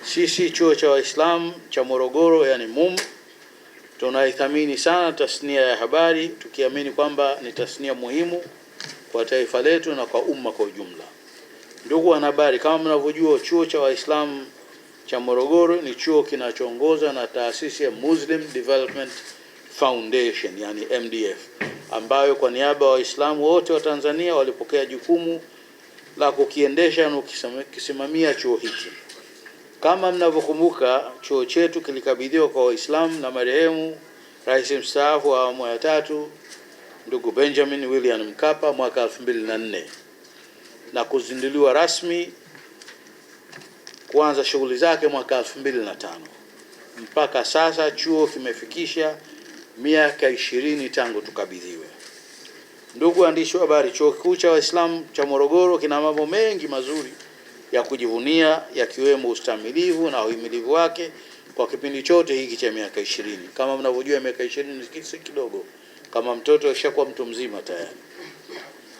Sisi chuo cha Waislamu cha Morogoro, yani MUM, tunaithamini sana tasnia ya habari, tukiamini kwamba ni tasnia muhimu kwa taifa letu na kwa umma kwa ujumla. Ndugu wanahabari, kama mnavyojua, chuo cha Waislamu cha Morogoro ni chuo kinachoongozwa na taasisi ya Muslim Development Foundation, yani MDF, ambayo kwa niaba ya Waislamu wote wa Tanzania walipokea jukumu la kukiendesha na kukisimamia chuo hiki. Kama mnavyokumbuka, chuo chetu kilikabidhiwa kwa Waislamu na marehemu rais mstaafu wa awamu ya tatu ndugu Benjamin William Mkapa mwaka 2004 na kuzinduliwa rasmi kuanza shughuli zake mwaka 2005. Mpaka sasa chuo kimefikisha miaka ishirini tangu tukabidhiwe. Ndugu waandishi wa habari, chuo kikuu cha Waislamu cha Morogoro kina mambo mengi mazuri ya kujivunia yakiwemo ustamilivu na uhimilivu wake kwa kipindi chote hiki cha miaka ishirini. Kama mnavyojua miaka ishirini si kidogo, kama mtoto ashakuwa mtu mzima tayari.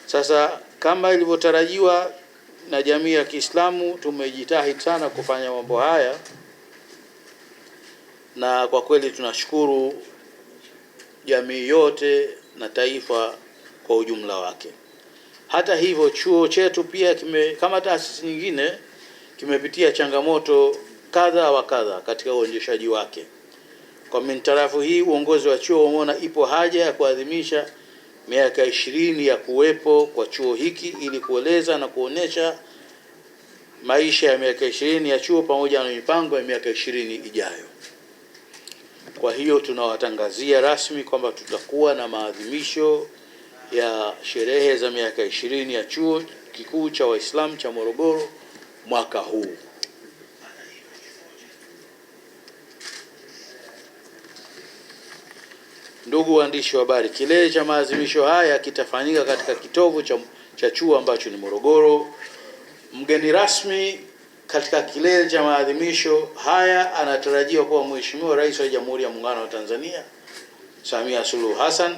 Sasa kama ilivyotarajiwa na jamii ya Kiislamu, tumejitahidi sana kufanya mambo haya, na kwa kweli tunashukuru jamii yote na taifa kwa ujumla wake. Hata hivyo, chuo chetu pia kime, kama taasisi nyingine kimepitia changamoto kadha wa kadha katika uendeshaji wake. Kwa mintarafu hii, uongozi wa chuo umeona ipo haja ya kuadhimisha miaka ishirini ya kuwepo kwa chuo hiki ili kueleza na kuonesha maisha ya miaka ishirini ya chuo pamoja na mipango ya miaka ishirini ijayo. Kwa hiyo tunawatangazia rasmi kwamba tutakuwa na maadhimisho ya sherehe za miaka ishirini ya chuo kikuu cha Waislamu cha Morogoro mwaka huu. Ndugu waandishi wa habari, kilele cha maadhimisho haya kitafanyika katika kitovu cha, cha chuo ambacho ni Morogoro. Mgeni rasmi katika kilele cha maadhimisho haya anatarajiwa kuwa Mheshimiwa Rais wa Jamhuri ya Muungano wa Tanzania Samia Suluhu Hassan.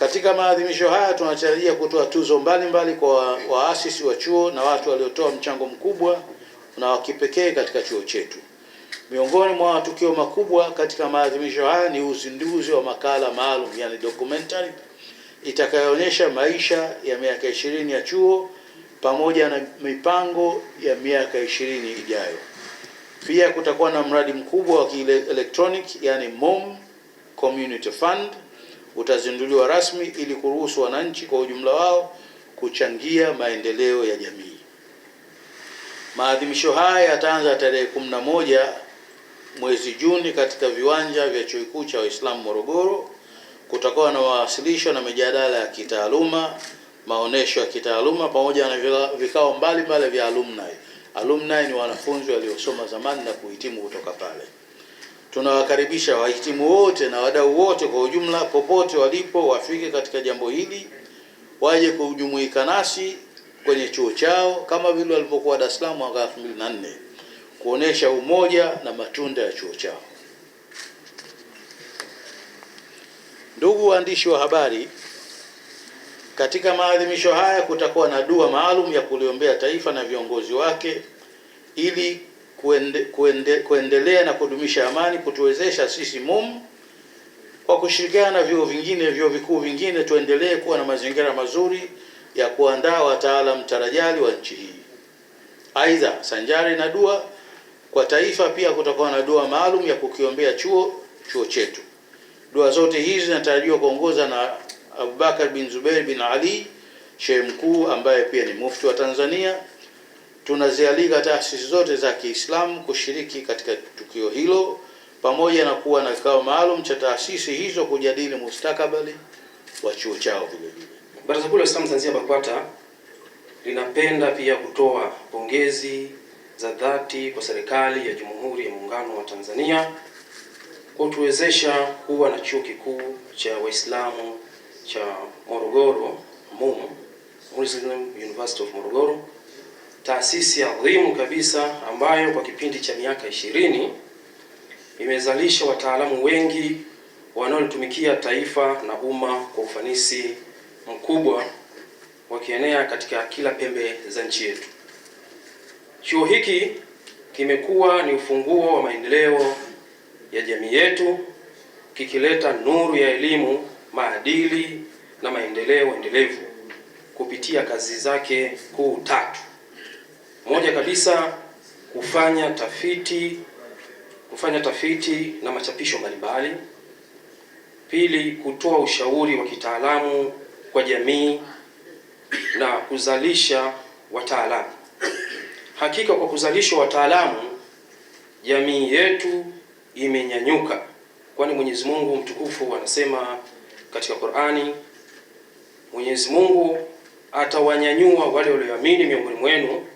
Katika maadhimisho haya tunatarajia kutoa tuzo mbalimbali kwa waasisi wa chuo na watu waliotoa mchango mkubwa na wa kipekee katika chuo chetu. Miongoni mwa matukio makubwa katika maadhimisho haya ni uzinduzi wa makala maalum, yani documentary itakayoonyesha maisha ya miaka ishirini ya chuo pamoja na mipango ya miaka ishirini ijayo. Pia kutakuwa na mradi mkubwa wa kielektroniki yani MOM Community Fund utazinduliwa rasmi ili kuruhusu wananchi kwa ujumla wao kuchangia maendeleo ya jamii. Maadhimisho haya yataanza tarehe 11 mwezi Juni katika viwanja vya Chuo Kikuu cha Waislamu Morogoro. Kutakuwa na mawasilisho na mijadala ya kitaaluma, maonesho ya kitaaluma pamoja na vikao mbalimbali vya alumni. Alumni ni wanafunzi waliosoma zamani na kuhitimu kutoka pale. Tunawakaribisha wahitimu wote na wadau wote kwa ujumla, popote walipo, wafike katika jambo hili, waje kujumuika nasi kwenye chuo chao kama vile walivyokuwa Dar es Salaam mwaka 2004 kuonesha umoja na matunda ya chuo chao. Ndugu waandishi wa habari, katika maadhimisho haya kutakuwa na dua maalum ya kuliombea taifa na viongozi wake ili kuende, kuende, kuendelea na kudumisha amani kutuwezesha sisi MUM kwa kushirikiana na vyuo vingine vyuo vikuu vingine tuendelee kuwa na mazingira mazuri ya kuandaa wataalamu tarajali wa nchi hii. Aidha, sanjari na dua kwa taifa, pia kutakuwa na dua maalum ya kukiombea chuo chuo chetu. Dua zote hizi zinatarajiwa kuongoza na Abubakar bin Zubair bin Ali, shehe mkuu ambaye pia ni mufti wa Tanzania. Tunazialika taasisi zote za Kiislamu kushiriki katika tukio hilo pamoja na kuwa na kikao maalum cha taasisi hizo kujadili mustakabali wa chuo chao. Vile vile, Baraza Kuu la Waislamu Tanzania BAKWATA linapenda pia kutoa pongezi za dhati kwa serikali ya Jamhuri ya Muungano wa Tanzania kwa kutuwezesha kuwa na chuo kikuu cha Waislamu cha Morogoro MUM, Muslim University of Morogoro taasisi adhimu kabisa ambayo kwa kipindi cha miaka ishirini imezalisha wataalamu wengi wanaolitumikia taifa na umma kwa ufanisi mkubwa wakienea katika kila pembe za nchi yetu. Chuo hiki kimekuwa ni ufunguo wa maendeleo ya jamii yetu kikileta nuru ya elimu, maadili na maendeleo endelevu kupitia kazi zake kuu tatu. Moja kabisa kufanya tafiti, kufanya tafiti na machapisho mbalimbali. Pili, kutoa ushauri wa kitaalamu kwa jamii na kuzalisha wataalamu. Hakika kwa kuzalishwa wataalamu jamii yetu imenyanyuka, kwani Mwenyezi Mungu mtukufu anasema katika Qur'ani, Mwenyezi Mungu atawanyanyua wale walioamini miongoni mwenu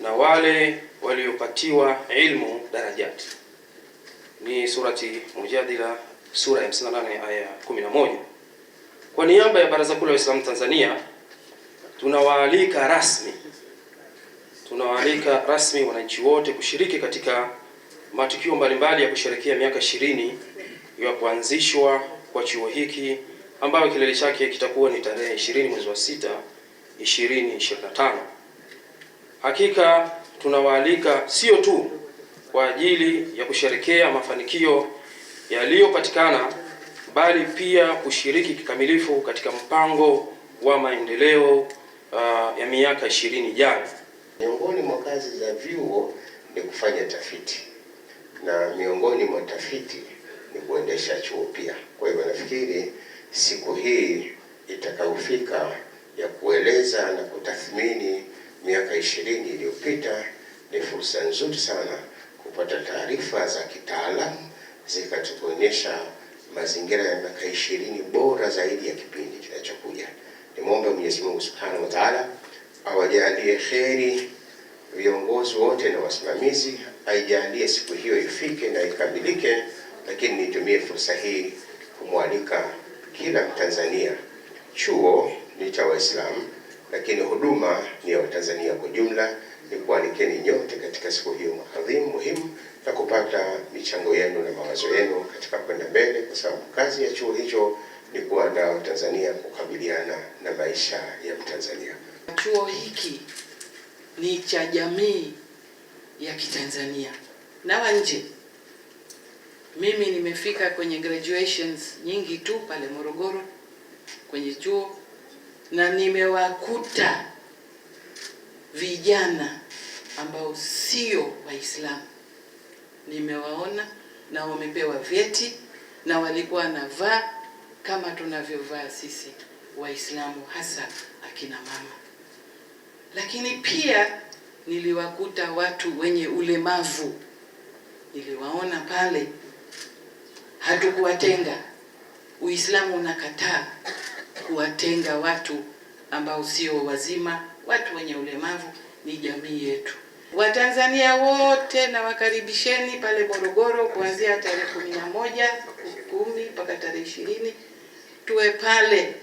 na wale waliopatiwa ilmu darajat. Ni surati Mujadila sura ya 58 aya 11. Kwa niaba ya Baraza Kuu la Waislamu Tanzania tunawaalika rasmi tunawaalika rasmi wananchi wote kushiriki katika matukio mbalimbali ya kusherehekea miaka ishirini ya kuanzishwa kwa chuo hiki ambayo kilele chake kitakuwa ni tarehe 20 mwezi wa 6 2025. Hakika tunawaalika sio tu kwa ajili ya kusherekea mafanikio yaliyopatikana, bali pia kushiriki kikamilifu katika mpango wa maendeleo uh, ya miaka ishirini ijayo. Miongoni mwa kazi za vyuo ni kufanya tafiti na miongoni mwa tafiti ni kuendesha chuo pia. Kwa hivyo nafikiri siku hii itakayofika ya kueleza na kutathmini miaka ishirini iliyopita, ni fursa nzuri sana kupata taarifa za kitaalamu zikatuonyesha mazingira ya miaka ishirini bora zaidi ya kipindi kinachokuja. Nimwombe Mwenyezi Mungu Subhanahu wa Ta'ala awajalie kheri viongozi wote na wasimamizi, aijalie siku hiyo ifike na ikamilike. Lakini nitumie fursa hii kumwalika kila Mtanzania, chuo ni cha Waislamu lakini huduma ni ya Watanzania kwa jumla. Ni kualikeni nyote katika siku hiyo adhimu muhimu na kupata michango yenu na mawazo yenu katika kwenda mbele, kwa sababu kazi ya chuo hicho ni kuandaa Watanzania kukabiliana na maisha ya Mtanzania. Chuo hiki ni cha jamii ya Kitanzania na nje. Mimi nimefika kwenye graduations nyingi tu pale Morogoro kwenye chuo na nimewakuta vijana ambao sio Waislamu, nimewaona na wamepewa vyeti na walikuwa wanavaa kama tunavyovaa sisi Waislamu, hasa akina mama. Lakini pia niliwakuta watu wenye ulemavu, niliwaona pale, hatukuwatenga. Uislamu unakataa kuwatenga watu ambao sio wazima, watu wenye ulemavu ni jamii yetu. Watanzania wote nawakaribisheni pale Morogoro kuanzia tarehe kumi na moja kumi mpaka tarehe ishirini tuwe pale,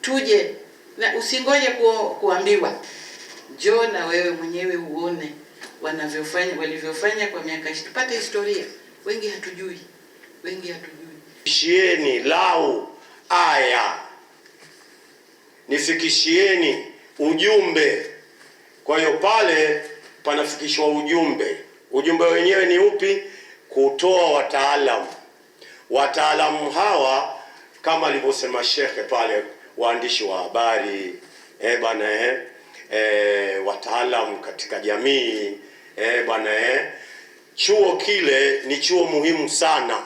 tuje na usingoje ku, kuambiwa jo na wewe mwenyewe uone wanavyofanya walivyofanya kwa miaka, tupate historia. Wengi hatujui, wengi hatujui. Ishieni lau aya nifikishieni ujumbe. Kwa hiyo pale panafikishwa ujumbe. Ujumbe wenyewe ni upi? Kutoa wataalamu. Wataalamu hawa kama alivyosema shekhe pale, waandishi wa habari eh bana eh, eh, wataalamu katika jamii eh bana eh, chuo kile ni chuo muhimu sana.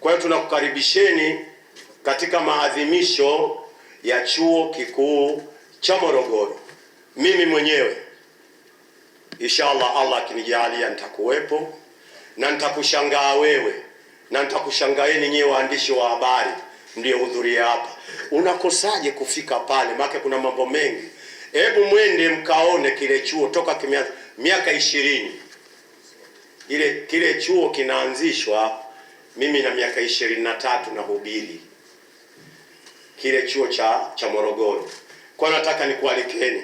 Kwa hiyo tunakukaribisheni katika maadhimisho ya chuo kikuu cha Morogoro. Mimi mwenyewe inshallah, Allah akinijalia nitakuwepo na nitakushangaa wewe na nitakushangaeni nyewe waandishi wa habari hudhuria hapa. Unakosaje kufika pale? Maana kuna mambo mengi, hebu mwende mkaone kile chuo toka kimia, miaka ishirini ile kile chuo kinaanzishwa, mimi na miaka ishirini na tatu na hubiri kile chuo cha cha Morogoro. Kwa nataka nikualikeni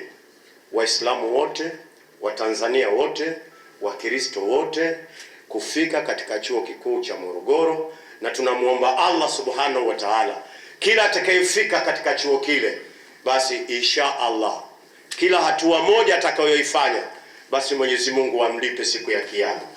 Waislamu wote, Watanzania wote, Wakristo wote kufika katika chuo kikuu cha Morogoro, na tunamwomba Allah subhanahu wa taala, kila atakayefika katika chuo kile, basi insha Allah kila hatua moja atakayoifanya, basi Mwenyezi Mungu amlipe siku ya Kiyama.